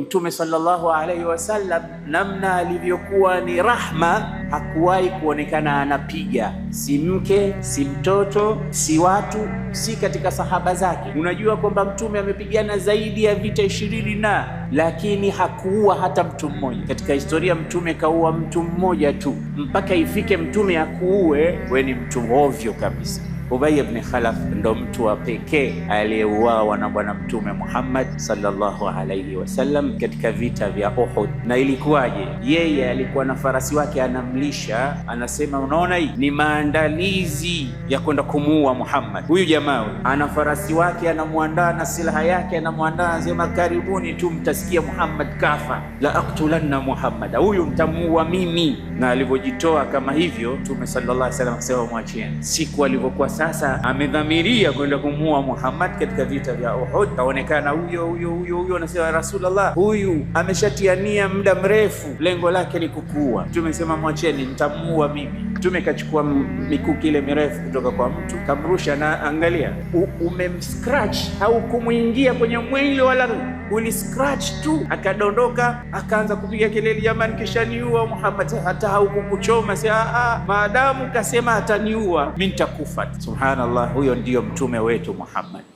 Mtume sallallahu alaihi wasallam namna alivyokuwa ni rahma, hakuwahi kuonekana anapiga, si mke si mtoto si watu si katika sahaba zake. Unajua kwamba Mtume amepigana zaidi ya vita ishirini na lakini hakuua hata mtu mmoja katika historia. Mtume kaua mtu mmoja tu, mpaka ifike Mtume akuue, we ni mtu ovyo kabisa. Ubay ibn Khalaf ndo mtu wa pekee aliyeuawa na Bwana Mtume Muhammad sallallahu alayhi wasallam katika vita vya Uhud. Na ilikuwaje? Yeye alikuwa na farasi wake anamlisha, anasema unaona, hii ni maandalizi ya kwenda kumuua Muhammad. Huyu jamaa ana farasi wake, anamwandaa na silaha yake, anamwandaa, anasema karibuni tu mtasikia Muhammad kafa, la aktulanna Muhammad, huyu mtamuua mimi. Na alivyojitoa kama hivyo, Mtume sallallahu alayhi wasallam akasema mwacheni. Siku alivyokuwa sasa amedhamiria kwenda kumuua Muhammad katika vita vya Uhud. Kaonekana huyo huyo huyo huyo, anasema Rasulullah, huyu ameshatiania muda mrefu, lengo lake ni kukua Tumesema mwacheni, nitamuua mimi Mtume kachukua mikuki ile mirefu kutoka kwa mtu kamrusha, na angalia, umemscratch haukumwingia kwenye mwili wala scratch tu, akadondoka akaanza kupiga kelele, jamani, niua Muhammad, hata haukukuchoma. Si ah, ah, maadamu kasema hataniua, mimi nitakufa. Subhanallah, huyo ndiyo mtume wetu Muhammad.